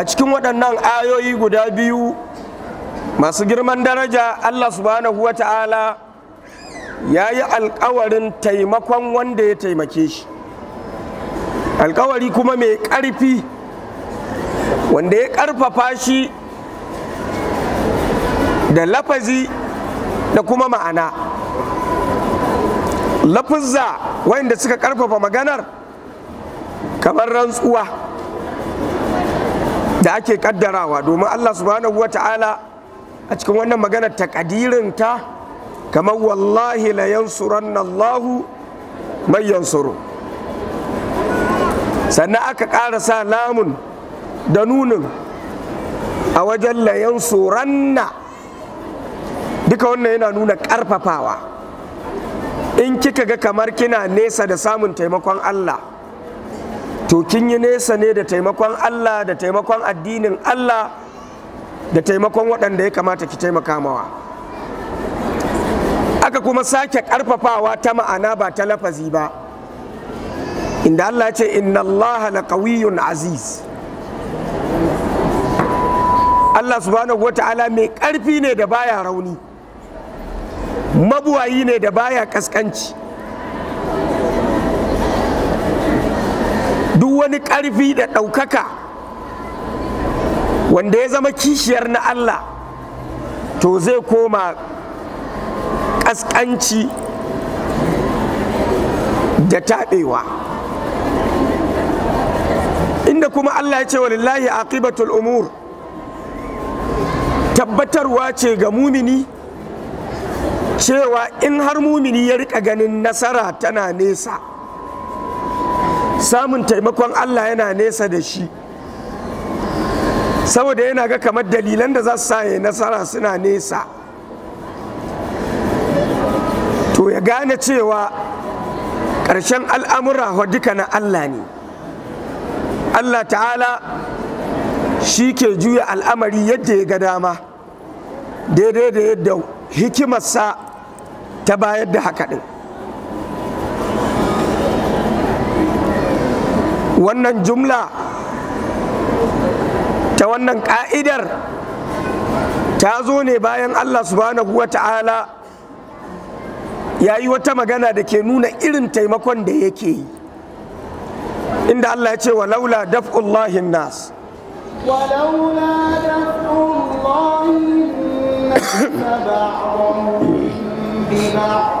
a cikin waɗannan ayoyi guda biyu masu girman daraja Allah subhanahu wa ta'ala ya yi alkawarin taimakon wanda ya taimake shi alkawari kuma mai ƙarfi wanda ya ƙarfafa shi da lafazi da kuma ma'ana lafizza wayanda suka ƙarfafa maganar kamar rantsuwa da ake kaddarawa domin Allah subhanahu wa ta'ala a cikin wannan maganar takadirinta kamar wallahi la yansuranna Allah mai yansuru sannan aka ƙara sa lamun da nunin a wajen la yansuranna duka wannan yana nuna ƙarfafawa in kika ga kamar kina nesa da samun taimakon Allah to kin yi nesa ne da taimakon Allah da taimakon addinin Allah da taimakon waɗanda ya kamata ki taimaka mawa aka kuma sake ƙarfafawa ta ma'ana ba ta lafazi ba inda Allah ce inna Allah laqawiyyun aziz Allah subhanahu wata'ala mai ƙarfi ne da baya rauni mabuwayi ne da baya ƙasƙanci. wani ƙarfi da ɗaukaka wanda ya zama kishiyar na Allah to zai koma ƙasƙanci da taɓewa inda kuma Allah ya ce lillahi aqibatul umur tabbatarwa ce ga mumini cewa in har mumini ya riƙa ganin nasara tana nesa samun taimakon Allah yana nesa da shi saboda yana ga kamar dalilan da za su ya nasara suna nesa to ya gane cewa ƙarshen al'amura duka na Allah ne Allah ta'ala shi ke juya al'amari yadda ya ga dama daidai da yadda hikimarsa ta bayar da haka ɗin wannan jumla ta wannan ka'idar ta zo ne bayan allah subhanahu wa ta'ala ya yi wata magana da ke nuna irin taimakon da yake yi inda allah ya ce wa laula daf'ullahin nas ولولا دفع الله الناس بعضهم ببعض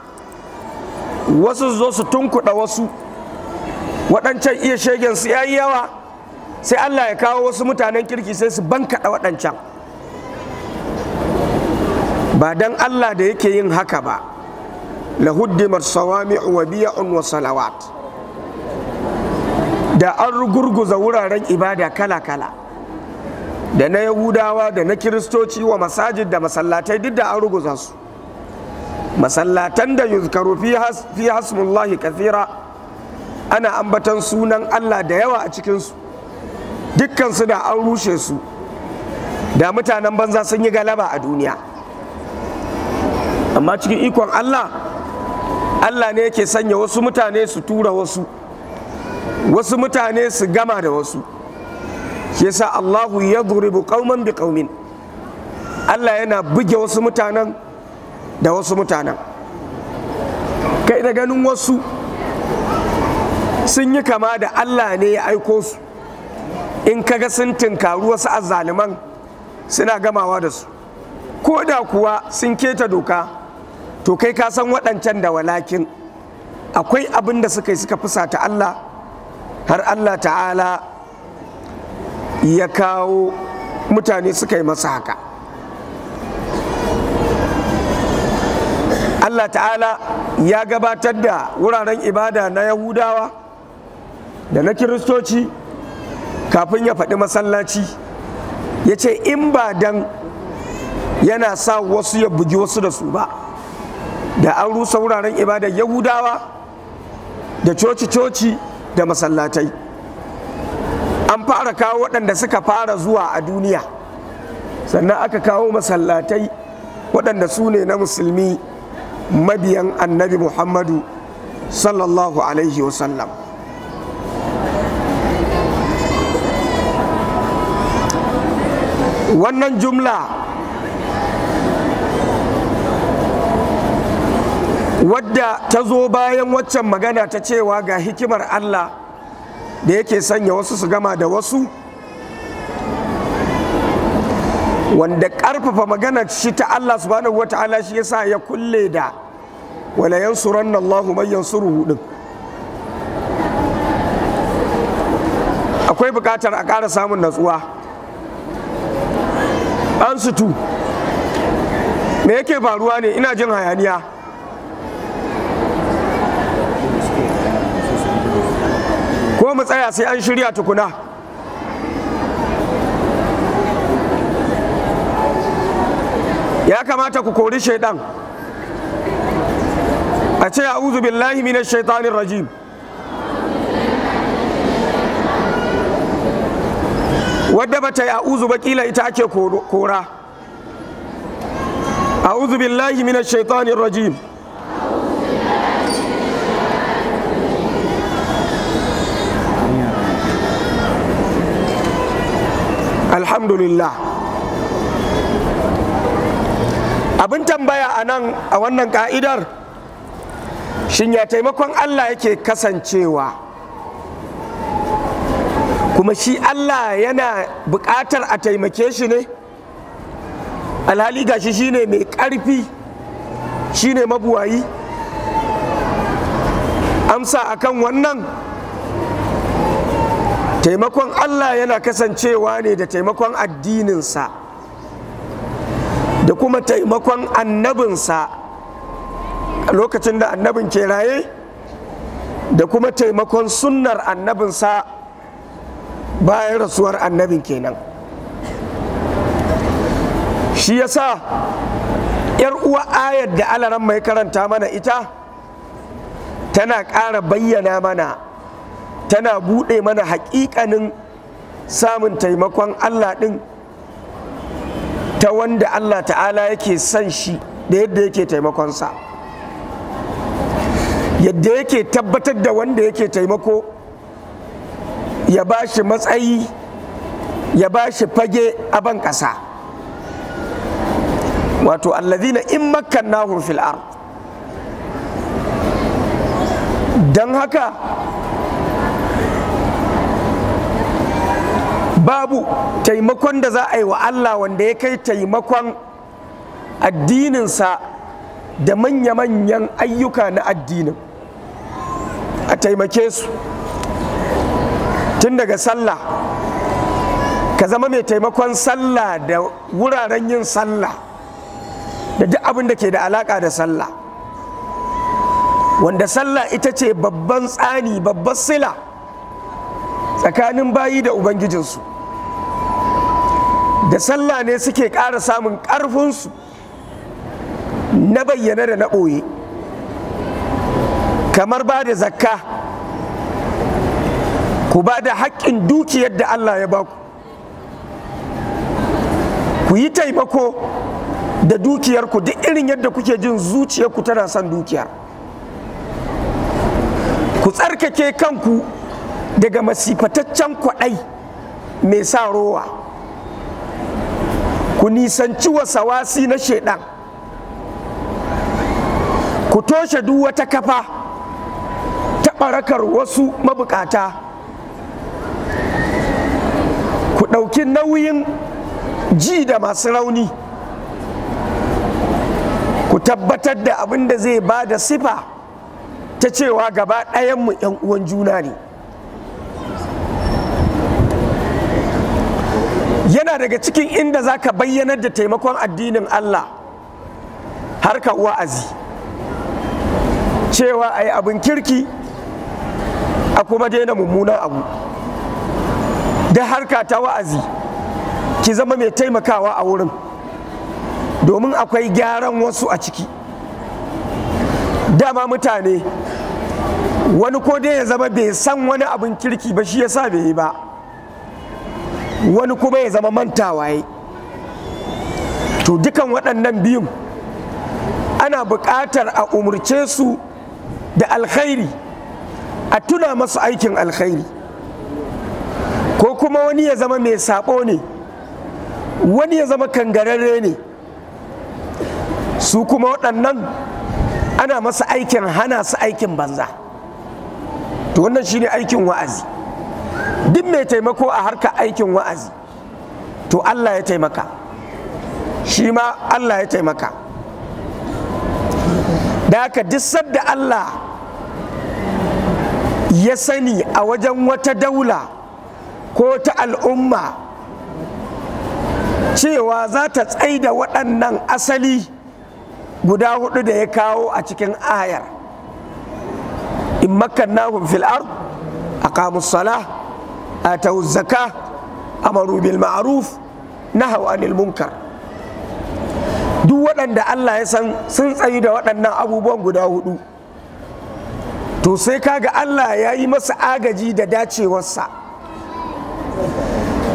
wasu zo su tunkuɗa wasu waɗancan iya shegen su yayi yawa sai Allah ya kawo wasu mutanen kirki sai su bankaɗa waɗancan ba don Allah da yake yin haka ba lahuddimat sawami'u wa biya'un wa salawat da an rugurguza wuraren ibada kala-kala da na yahudawa da na kiristoci wa masajid da masallatai duk da an ruguza su masallatan da yuzkaru fi hasmullahi kathira ana ambatan sunan Allah da yawa a cikinsu dukkansu da an rushe su da mutanen banza sun yi galaba a duniya amma cikin ikon Allah Allah ne yake sanya wasu mutane su tura wasu wasu mutane su gama da wasu yasa Allahu ya qauman bi qaumin Allah yana buge wasu mutanen da wasu mutanen kai da ganin wasu sun yi kama da allah ne ya aiko su in ga sun tinkaru wasu azzaliman suna gamawa da su ko da kuwa sun keta doka to kai ka san waɗancan da walakin akwai abin da suka yi suka fusata allah har allah ta'ala ya kawo mutane suka yi masa haka Allah ta'ala ya gabatar da wuraren ibada na yahudawa da na kiristoci kafin ya faɗi masallaci ya ce in ba dan yana sa wasu ya bugi wasu da su ba da an rusa wuraren ibada yahudawa da coci-coci da masallatai an fara kawo waɗanda suka fara zuwa a duniya sannan aka kawo masallatai waɗanda su ne na musulmi mabiyan annabi muhammadu sallallahu alaihi wasallam wannan jumla wadda ta zo bayan waccan magana ta cewa ga hikimar allah da yake sanya wasu su gama da wasu wanda karfafa magana shi ta Allah subhanahu wa ta'ala shi yasa ya kulle da wala ranar Allahu man yansuruhu akwai bukatar a ƙara samun natsuwa an sutu me yake faruwa ne ina jin hayaniya ko mu tsaya sai an shirya tukuna ya kamata ku kori shaidan a ce a'udhu billahi minash shaitanir rajim wadda ba ta yi a'udhu ba kila ita ake kora a'udhu billahi minash shaitanir rajim alhamdulillah abin tambaya a nan a wannan ka'idar shin ya taimakon Allah yake kasancewa kuma shi Allah yana buƙatar a taimake shi ne alhali gashi ne mai ƙarfi shi ne mabuwayi amsa akan wannan taimakon Allah yana kasancewa ne da taimakon addininsa da kuma taimakon annabinsa lokacin da annabin ke raye da kuma taimakon sunnar annabinsa bayan rasuwar annabin kenan shi yasa yar uwa ayar da alaran mai karanta mana ita tana ƙara bayyana mana tana buɗe mana haƙiƙanin samun taimakon allah ɗin ta wanda allah ta'ala yake son shi da yadda yake taimakonsa yadda yake tabbatar da wanda yake taimako ya ba shi matsayi ya ba shi fage a ban ƙasa wato allazina in makkannahum fil ard don haka babu taimakon da za a yi wa Allah wanda ya kai taimakon addininsa da manya-manyan ayyuka na addinin a taimake su tun daga sallah ka zama mai taimakon sallah da wuraren yin sallah da duk abin da ke da alaka da sallah wanda sallah ita ce babban tsani babban sila tsakanin bayi da ubangijinsu da sallah ne suke ƙara samun ƙarfinsu na bayyana da na ɓoye kamar ba da zakka ku ba da haƙƙin dukiyar da Allah ya baku ku yi taimako da dukiyar ku duk irin yadda kuke jin ku tana son dukiyar ku tsarkake kanku daga masifataccen kwaɗai mai sa rowa ku nisanci wasawasi na shaidan ku toshe duk wata kafa barakar wasu mabukata ku ɗauki nauyin ji da masu rauni ku tabbatar da abin da zai ba da sifa ta cewa gaba ɗayanmu uwan juna ne yana daga cikin inda za ka bayyanar da taimakon addinin Allah har ka wa'azi cewa a yi abin kirki a kuma daina mummunan abu da harka ta wa'azi ki zama mai taimakawa a wurin domin akwai gyaran wasu a ciki dama mutane wani ko dai ya zama bai san wani abin kirki ba shi ya sa bai yi ba wani kuma ya zama mantawa ya to dukan waɗannan biyun ana buƙatar a umarce su da alkhairi a tuna masu aikin alkhairi ko kuma wani ya zama mai sabo ne wani ya zama kangararre ne su kuma waɗannan ana masa aikin hana su aikin banza to wannan shine aikin wa'azi duk mai taimako a harka aikin wa'azi to Allah ya taimaka shi ma Allah ya taimaka da haka duk sadda Allah ya sani a wajen wata daula ko ta al'umma cewa za ta tsaida waɗannan asali guda hudu da ya kawo a cikin ayar in makkannahum fil ard a salah a Tauzaka, a Marubil ma'aruf na anil munkar duk waɗanda Allah ya san sun tsayi da waɗannan abubuwan guda hudu to sai kaga Allah ya yi masa agaji da dacewarsa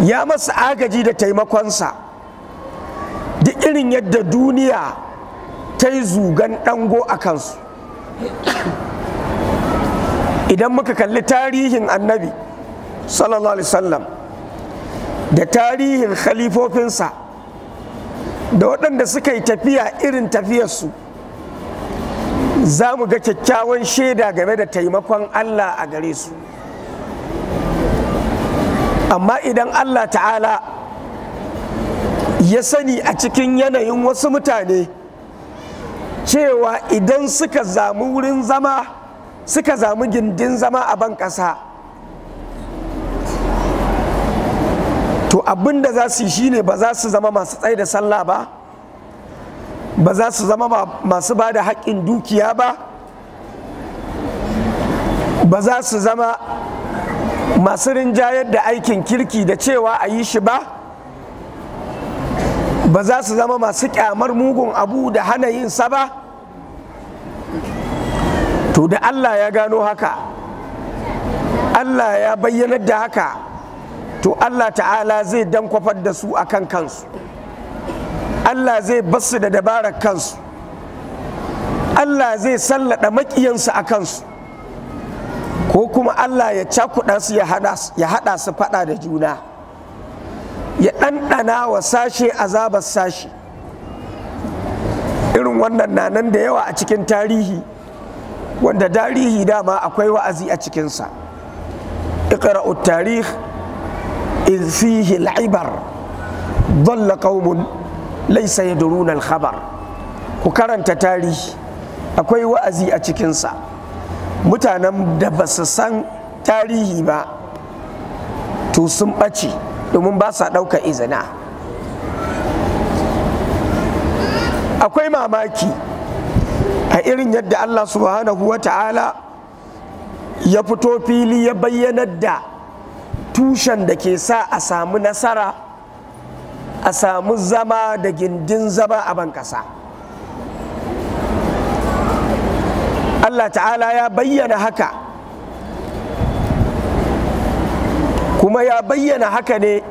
ya masa agaji da taimakonsa da irin yadda duniya ta yi zugan ɗango a kansu idan muka kalli tarihin annabi sallallahu alaihi wasallam da tarihin khalifofinsa da waɗanda suka yi tafiya irin tafiyarsu za mu ga kyakkyawan shaida game da taimakon Allah a gare su amma idan Allah ta'ala ya sani a cikin yanayin wasu mutane cewa idan suka zamu wurin zama suka zamu gindin zama a ban ƙasa to abin da za su yi shine ba za su zama masu tsaye da sallah ba ba za su zama masu ba da haƙƙin dukiya ba ba za su zama masu rinjayar da aikin kirki da cewa a yi shi ba ba za su zama masu kyamar mugun abu da hana yin sa ba to da allah ya gano haka allah ya bayyanar da haka to allah ta'ala zai dan kwafar da su akan kansu Allah zai basu da dabarar kansu Allah zai sallada makiyansu a kansu ko kuma Allah ya cakuɗa su ya haɗa su faɗa da juna ya ɗanɗana wa sashe azabar sashe irin wannan na nan da yawa a cikin tarihi wanda tarihi dama akwai wa'azi a cikinsa iqra'u tarih in fihi al'ibar dhalla qaumun laisa ya duruna khabar ku karanta tarihi akwai wa'azi a cikinsa mutanen da ba su san tarihi ba to sun ɓace domin ba sa ɗauka izina akwai mamaki a irin yadda Allah subhanahu wa ta'ala ya fito fili ya bayyanar da tushen da ke sa a samu nasara a samu zama da gindin zama a banƙasa. Allah ta'ala ya bayyana haka kuma ya bayyana haka ne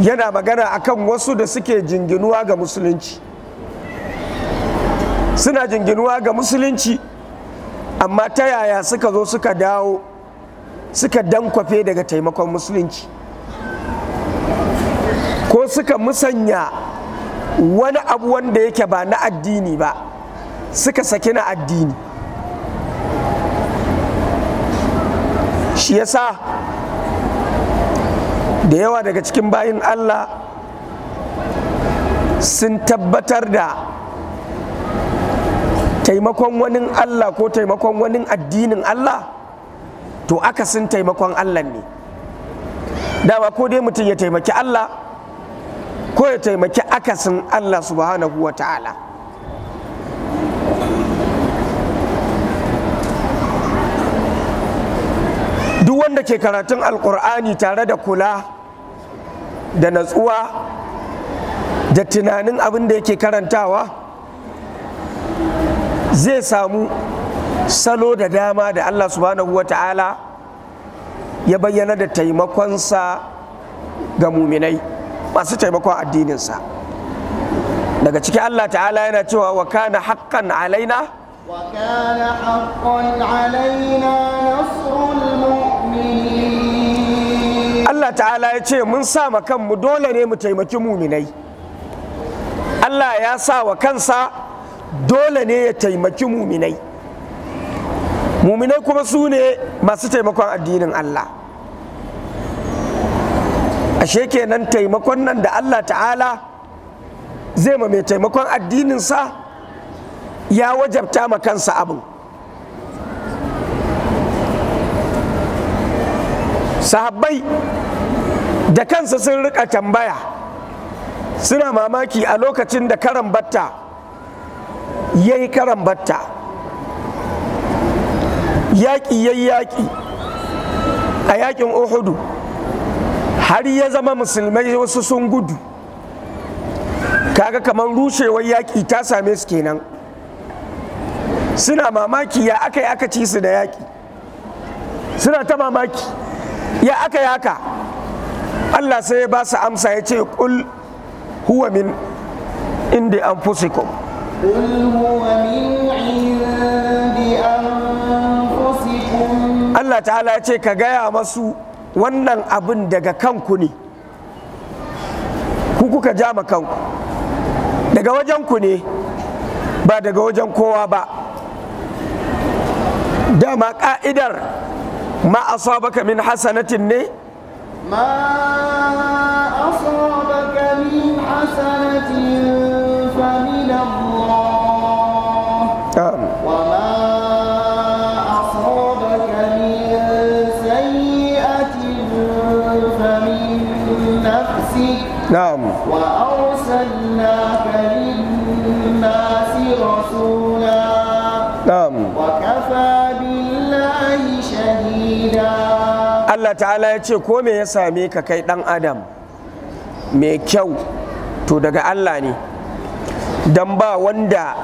yana magana akan wasu da suke jinginuwa ga musulunci suna jinginuwa ga musulunci amma ta yaya suka zo suka dawo suka dankwafe daga taimakon musulunci ko suka musanya wani abu wanda yake ba na addini ba suka saki na addini shi yasa da yawa daga cikin bayin Allah sun tabbatar da taimakon wani Allah ko taimakon wani addinin Allah to aka sun taimakon Allah ne dama ko dai mutum ya taimaki Allah ko ya taimaki akasin Allah subhanahu wa ta'ala duk wanda ke karatun alkur'ani tare da kula da natsuwa da tunanin abin da yake karantawa zai samu salo da dama da Allah subhanahu wa ta'ala ya bayyana da taimakonsa ga muminai. masu taimakon addininsa daga ciki Allah ta'ala yana cewa wa kana haqqan alaina Allah ta'ala ya ce mun sa ma kanmu dole ne mu taimaki muminai Allah ya sa wa kansa dole ne ya taimaki muminai muminai kuma su ne masu taimakon addinin Allah ashe kenan taimakon nan da Allah ta'ala zai ma mai taimakon addininsa ya wajabta ma kansa abin sahabbai da kansa sun rika tambaya suna mamaki a lokacin da karan batta ya yi karan batta yaƙi ya yaƙi a yaƙin uhudu har ya zama musulmai wasu sun gudu kaga kamar rushewar yaƙi ta same su kenan suna mamaki ya aka yi aka ci su da yaƙi suna ta mamaki ya aka yi aka. allah sai ya ba su amsa ya ce kul huwa min inda an Allah ta'ala ya ce ka gaya masu wannan abin daga kanku ne ku kuka ja ma kanku daga wajenku ne ba daga wajen kowa ba dama ka'idar ma asabaka min hasanatin ne ma asabaka min hasanatin نعم وأرسلناك للناس رسولا نعم وكفى بالله شهيدا الله تعالى يقول كومي يسامي كي دان آدم mai kyau to daga Allah ne don ba wanda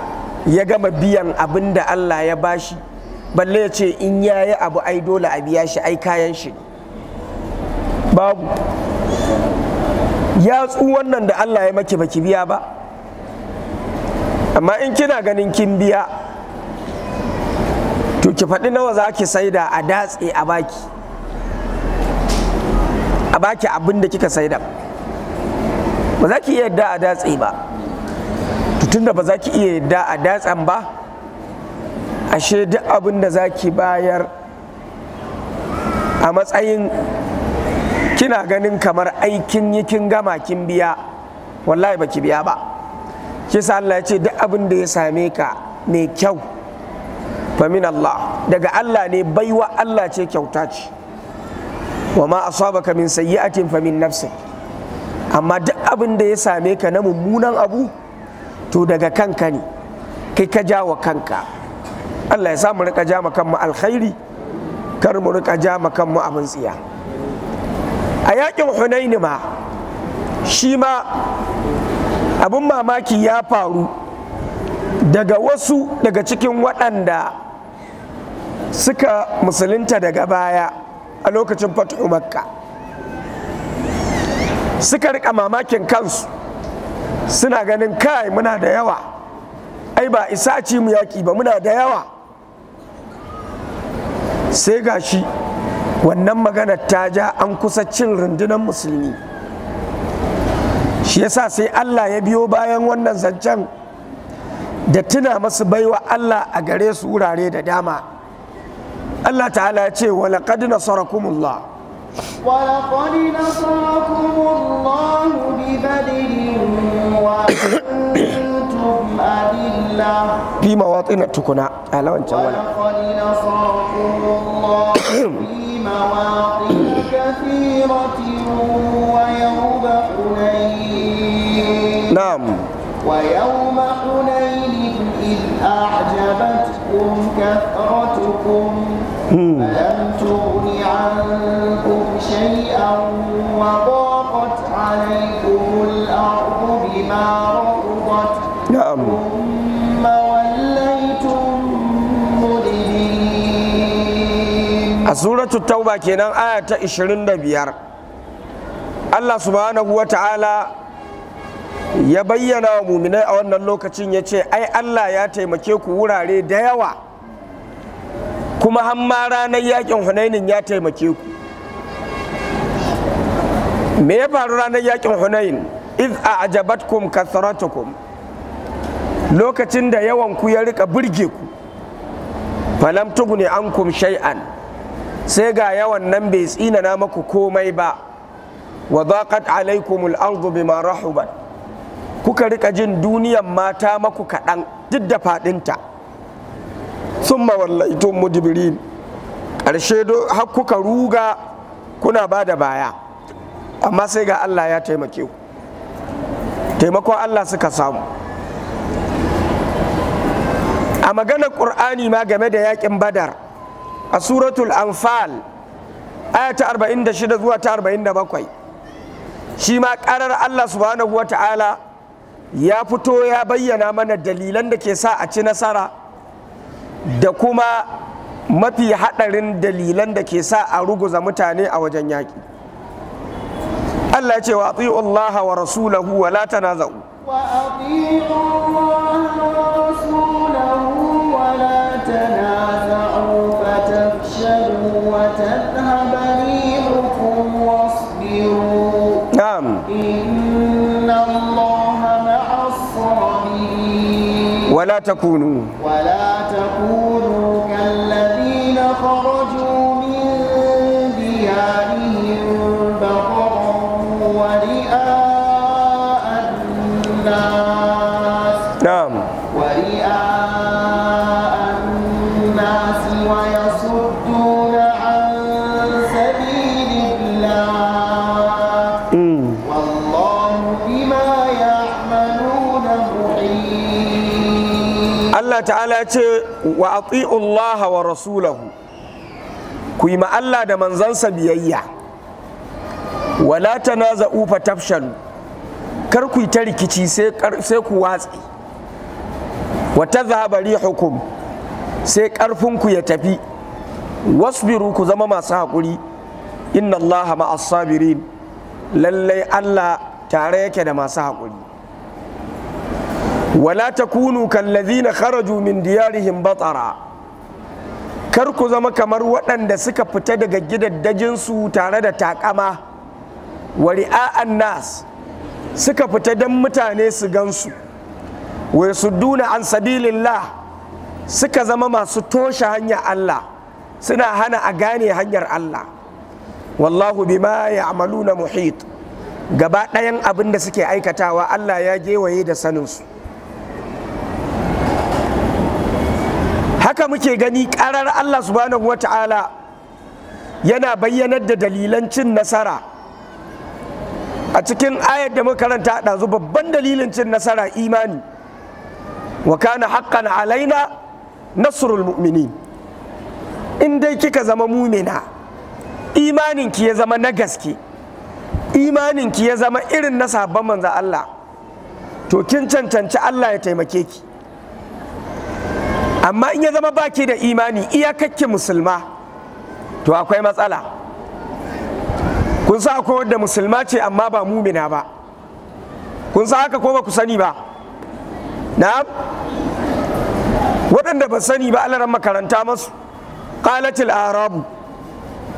ya gama biyan abin da Allah ya bashi balle ya ce in yayi abu ai dole a biya shi ai kayan shi babu ya tsu wannan da Allah ya maki baki biya ba amma in kina ganin kin biya to ki faɗi nawa za ki saida a datse a baki a baki abin da kika saida ba za ki iya yadda a datse ba tun da ba za ki iya yadda a datsen ba ashe duk abin da za ki bayar a matsayin kina ganin kamar aikin yi kin gama kin biya wallahi baki biya ba kisa Allah ya ce duk abin da ya same ka mai kyau min Allah daga Allah ne baiwa Allah ce kyauta ce wa ma asabaka min sayyi'atin famin nafsi amma duk abin da ya same ka na mummunan abu to daga kanka ne kai ka wa kanka Allah ya sa mu rika jama kanmu alkhairi kar mu rika jama kanmu abin tsiya a yakin hunaini ma shi ma abin mamaki ya faru daga wasu daga cikin waɗanda suka musulunta daga baya a lokacin Fatu makka suka rika mamakin kansu suna ganin kai muna da yawa ai ba isa ci mu yaƙi ba muna da yawa sai gashi wannan magana ta ja an kusa cin rundunar musulmi shi yasa sai Allah ya biyo bayan wannan zancen da tuna masu baiwa Allah a gare su wurare da dama Allah ta'ala ya ce walaƙad nasarakumullah ولقد نصركم الله ببدر وأنتم أذلة في مواطن تكنا على وانت ولقد نصركم الله مواطن كثيرة ويوم حنين نعم ويوم حنين إذ أعجبتكم كثرتكم فلم تغن عنكم شيئا وضاقت عليكم الأرض بما رأيتم a suratu tauba kenan aya ta 25 Allah subhanahu wa ta'ala ya bayyana wa muminai a wannan lokacin ya ce ai Allah ya taimake ku wurare da yawa kuma hamma ranar yakin hunainin ya taimake ku me ya faru ranar yakin hunain iz a ajabatkum kasaratukum lokacin da yawan ku ya rika burge ku falam tugni ankum shay'an sai ga yawan nan bai tsina na maku komai ba wa zaqat alaikumul ardu bima rahubat kuka rika jin duniyan mata maku kaɗan duk da faɗinta summa wallaitun mudbirin ƙarshe har kuka ruga kuna ba da baya amma sai ga Allah ya taimake ku taimakon Allah suka samu a maganar ƙur'ani ma game da yaƙin badar a suratul anfal ayata 46 zuwa ta 47 shi ma karar Allah subhanahu wa ta'ala ya fito ya bayyana mana dalilan da ke sa a ci nasara da kuma mafi haɗarin dalilan da ke sa a ruguza mutane a wajen yaƙi Allah ya ce wa Allah wa rasulahu wa la tanaza'u wa تكونوا ولا تكونوا كالذين خرجوا من ديارهم بطرا ورئاء الناس Allah ta'ala ce wa ati'u Allah wa rasulahu ku yi Allah da manzansa biyayya wala tanaza'u tafshan kar ku yi ta rikici sai ku watsi wa tadhhaba rihukum sai karfin ku ya tafi wasbiru ku zama masu haƙuri inna Allah ma'as sabirin lallai Allah tare yake da masu haƙuri wala takunu kallazina kharaju min diyarihim batara kar ku zama kamar waɗanda suka fita daga gidaddajinsu tare da takama wari'a'an nas suka fita don mutane su gansu wai su an sabilillah suka zama masu toshe hanyar Allah suna hana a gane hanyar Allah wallahu bima ya'maluna muhit gaba ɗayan abin da suke aikatawa Allah ya gewaye da saninsu haka muke gani karar Allah subhanahu wa ta'ala yana bayyanar da dalilan cin nasara a cikin ayar da makaranta ɗazu babban dalilin cin nasara imani wa kana haƙƙan alaina nasrul mu'minin in dai kika zama mumina imaninki ya zama na gaske imaninki ya zama irin na sabon manza Allah to kin cancanci Allah ya taimake ki amma in ya zama baki da imani iyakakke musulma to akwai matsala kun sa akwai wadda musulma ce amma ba mumina ba kun sa haka ko ba ku sani ba na'am waɗanda ba sani ba alaran makaranta masu qalatil arabu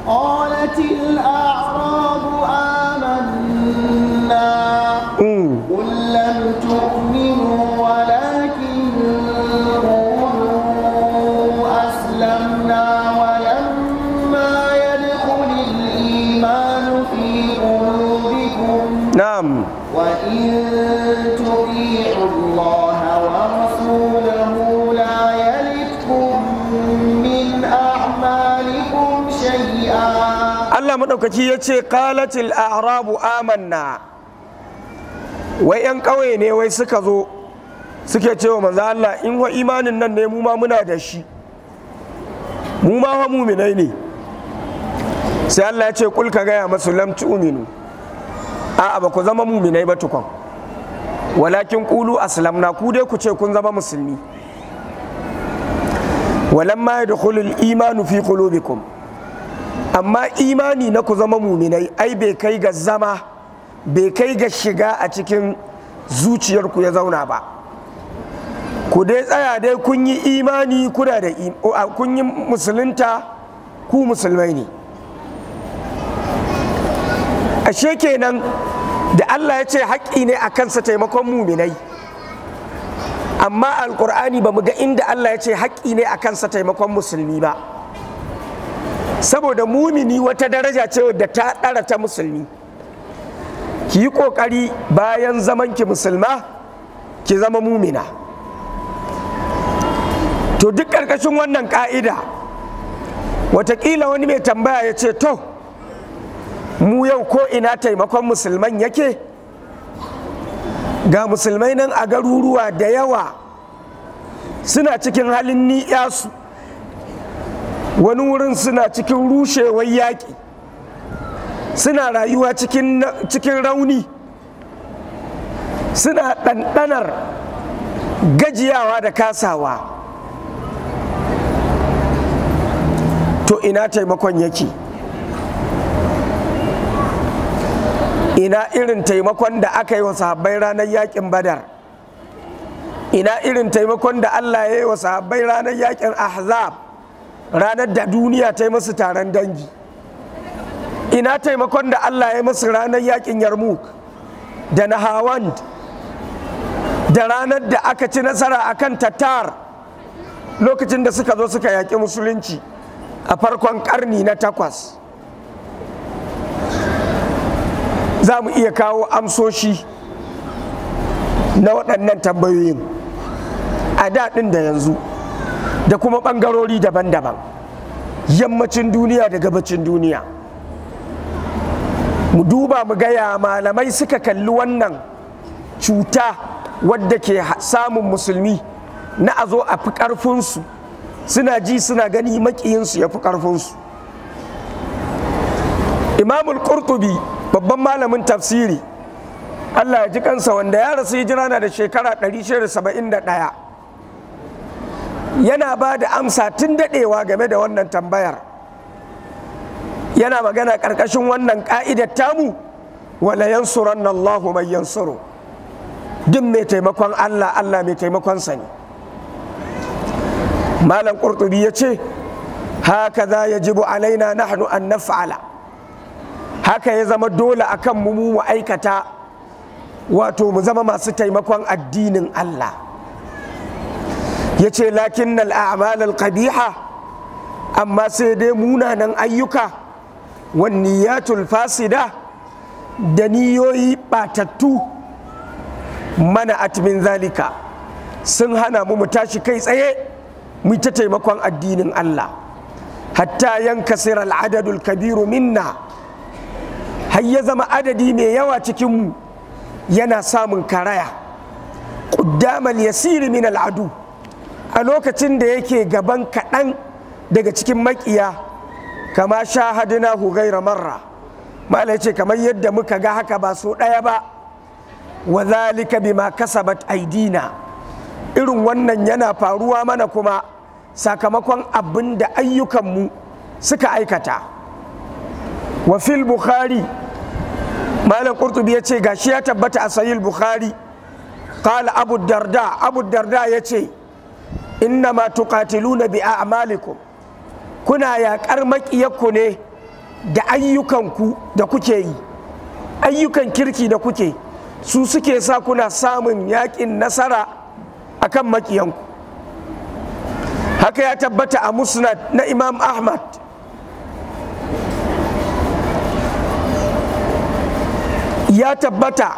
قالت الأعراب آمنا قل لم تؤمنوا Allah maɗaukaki ya ce qalatil a'rabu amanna wai 'yan ƙauye ne wai suka zo suke cewa manzo Allah in wa imanin nan ne mu ma muna da shi mu ma wa muminai ne sai Allah ya ce kul ka gaya masu lam tu'minu a'a ba ku zama muminai ba tukun walakin qulu aslamna ku dai ku ce kun zama musulmi walamma yadkhulul imanu fi qulubikum amma imani na ku zama muminai ai bai kai ga zama bai kai ga shiga a cikin zuciyarku ya zauna ba ku dai tsaya dai kun yi imani kuna da kun yi musulunta ku musulmai ne ashe kenan da Allah ya ce haƙƙi ne a kansa taimakon muminai amma alƙur'ani ba mu ga inda Allah ya ce haƙƙi ne a kansa taimakon musulmi ba saboda mumini wata daraja ce da ta ɗara ta musulmi ki yi ƙoƙari bayan zaman ki musulma ki zama mumina to duk ƙarƙashin wannan ƙa'ida watakila wani mai tambaya ya ce to mu yau ko ina taimakon musulman yake ga musulmai nan a garuruwa da yawa suna cikin halin ni'yasu wani wurin suna cikin rushewar yaƙi suna rayuwa cikin rauni suna ɗanɗanar gajiyawa da kasawa to ina taimakon yake ina irin taimakon da aka yi wa sahabbai ranar yaƙin badar ina irin taimakon da allah ya yi wa sahabbai ranar yaƙin ahzab ranar da duniya ta yi masu taron dangi ina taimakon da allah ya masu ranar yakin yarmouk da na hawan da ranar da aka ci nasara akan tatar lokacin da suka zo suka yaƙi musulunci a farkon karni na takwas za mu iya kawo amsoshi na waɗannan tambayoyin a daɗin da yanzu da kuma ɓangarori daban-daban yammacin duniya da gabacin duniya mu duba mu gaya malamai suka kalli wannan cuta wadda ke samun musulmi na a zo a fi karfinsu suna ji suna gani makiyinsu ya fi ƙarfinsu imamul qurtubi babban malamin tafsiri allah ya ji kansa wanda ya rasu hijira na da shekara 171 yana ba da amsa tun daɗewa game da wannan tambayar yana magana ƙarƙashin wannan ƙa'idar tamu wala nan Allah mai yansuru duk mai taimakon Allah Allah mai taimakon sa ne malam qurtubi ya ce haka za ya jibu alaina nahnu an naf'ala haka ya zama dole akan mu mu aikata wato mu zama masu taimakon addinin Allah ya ce lakin al'amal qabiha amma sai dai munanan ayyuka wanniyatul fasida da niyoyi batattu mana atmin zalika sun hana mu mu tashi kai tsaye mu ta taimakon addinin Allah hatta yanka siral adadul kabiru minna har ya zama adadi mai yawa cikinmu yana samun karaya ƙuddamal yasiri min al'adu a lokacin da yake gaban kaɗan daga cikin maƙiya kama shahadina hugaira marra malai ce kamar yadda muka ga haka ba so ɗaya ba wa zalika bima kasabat aidina irin wannan yana faruwa mana kuma sakamakon abin da ayyukanmu suka aikata wa fil bukhari malam qurtubi ya ce gashi ya tabbata a sahih bukhari Khale darda Abudarda darda ya ce inna ma tuqatiluna bi a'malikum kuna yaƙar maƙiyarku ne da ayyukanku da kuke yi ayyukan kirki da kuke su suke sa kuna samun yaƙin nasara akan maƙiyanku haka ya tabbata a musnad na imam ahmad ya tabbata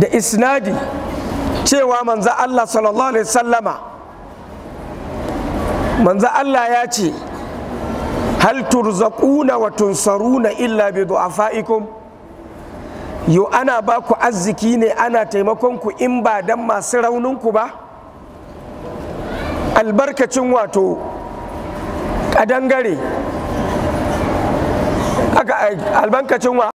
da isnadi cewa manzo allah sallallahu alaihi wasallama manzo Allah ya ce hal turzaquna wa tunsaruna illa bi du'afaikum yo ana ba ku arziki ne ana taimakon ku in ba dan masu raunin ku ba albarkacin wato kadangare aka albarkacin wa